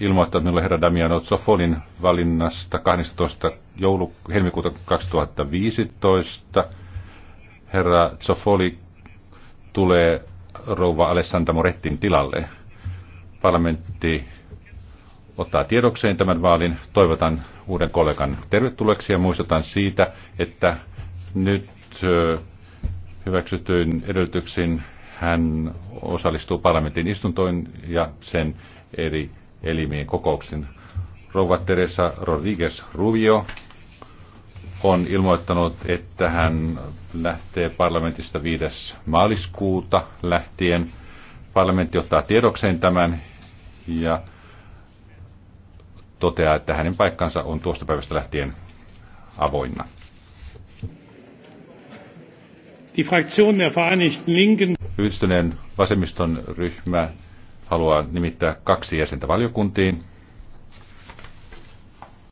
ilmoittaa minulle herra Damiano Zofolin valinnasta 12. Joulu, helmikuuta 2015. Herra Zofoli tulee rouva Alessandra Morettin tilalle. Parlamentti ottaa tiedokseen tämän vaalin. Toivotan uuden kollegan tervetulleeksi ja muistutan siitä, että nyt hyväksytyin edellytyksin hän osallistuu parlamentin istuntoin ja sen eri elimien kokouksen Rouva Teresa Rodriguez Rubio on ilmoittanut, että hän lähtee parlamentista 5. maaliskuuta lähtien. Parlamentti ottaa tiedokseen tämän ja toteaa, että hänen paikkansa on tuosta päivästä lähtien avoinna. Die Fraktion der Vereinigten Linken. Yhdistyneen vasemmiston ryhmä haluaa nimittää kaksi jäsentä valiokuntiin.